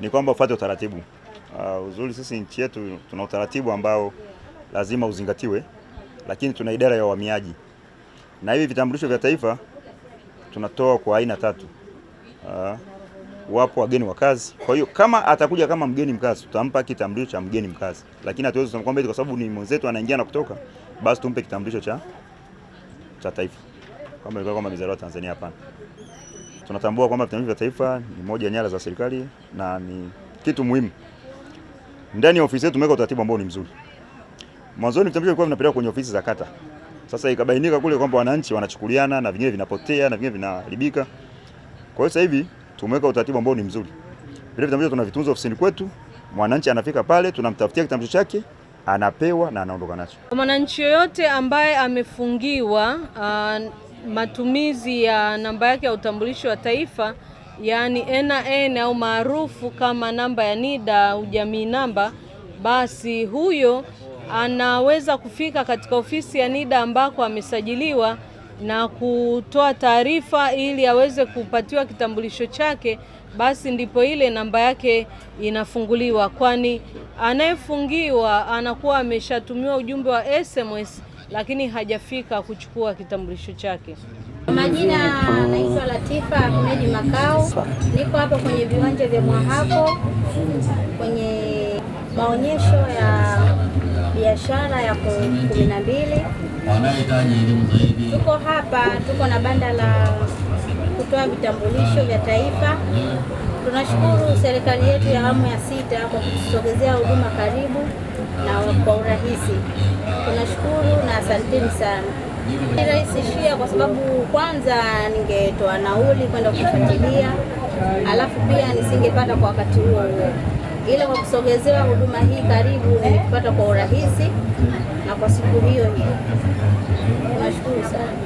ni kwamba ufuate utaratibu. Uh, uzuri sisi nchi yetu tuna utaratibu ambao lazima uzingatiwe, lakini tuna idara ya uhamiaji na hivi vitambulisho vya taifa tunatoa kwa aina tatu. Uh, wapo wageni wa kazi. Kwa hiyo kama atakuja kama mgeni mkazi, tutampa kitambulisho cha mgeni mkazi, lakini hatuwezi kusema kwamba kwa sababu ni mwenzetu anaingia na kutoka, basi tumpe kitambulisho cha cha taifa kama ilikuwa kama mizaliwa Tanzania. Hapana. Tunatambua kwamba vitendo vya taifa ni moja ya nyara za serikali na ni kitu muhimu. Ndani ya ofisi yetu tumeweka utaratibu ambao ni mzuri. Mwanzoni vitambulisho vilikuwa vinapelekwa kwenye ofisi za kata. Sasa ikabainika kule kwamba wananchi wanachukuliana na vingine vinapotea na vingine vinaharibika. Kwa hiyo sasa hivi tumeweka utaratibu ambao ni mzuri. Vile vitambulisho tunavitunza ofisini kwetu, mwananchi anafika pale, tunamtafutia kitambulisho chake anapewa na anaondoka nacho. Mwananchi yoyote ambaye amefungiwa uh, matumizi ya namba yake ya utambulisho wa taifa yaani NIN au maarufu kama namba ya NIDA au jamii namba, basi huyo anaweza kufika katika ofisi ya NIDA ambako amesajiliwa na kutoa taarifa ili aweze kupatiwa kitambulisho chake, basi ndipo ile namba yake inafunguliwa, kwani anayefungiwa anakuwa ameshatumiwa ujumbe wa SMS lakini hajafika kuchukua kitambulisho chake. Majina naitwa Latifa Ahmed Makao, niko hapa kwenye viwanja vya Mwahapo kwenye maonyesho ya biashara ya kumi na mbili. Tuko hapa, tuko na banda la kutoa vitambulisho vya taifa. Tunashukuru serikali yetu ya awamu ya sita kwa kutusogezea huduma karibu na kwa urahisi. Tunashukuru na asanteni sana. Nirahisishia kwa sababu kwanza ningetoa nauli kwenda kufuatilia, alafu pia nisingepata kwa wakati huo huo, ila kwa kusogezewa huduma hii karibu nimepata kwa urahisi na kwa siku hiyo hiyo. Tunashukuru sana.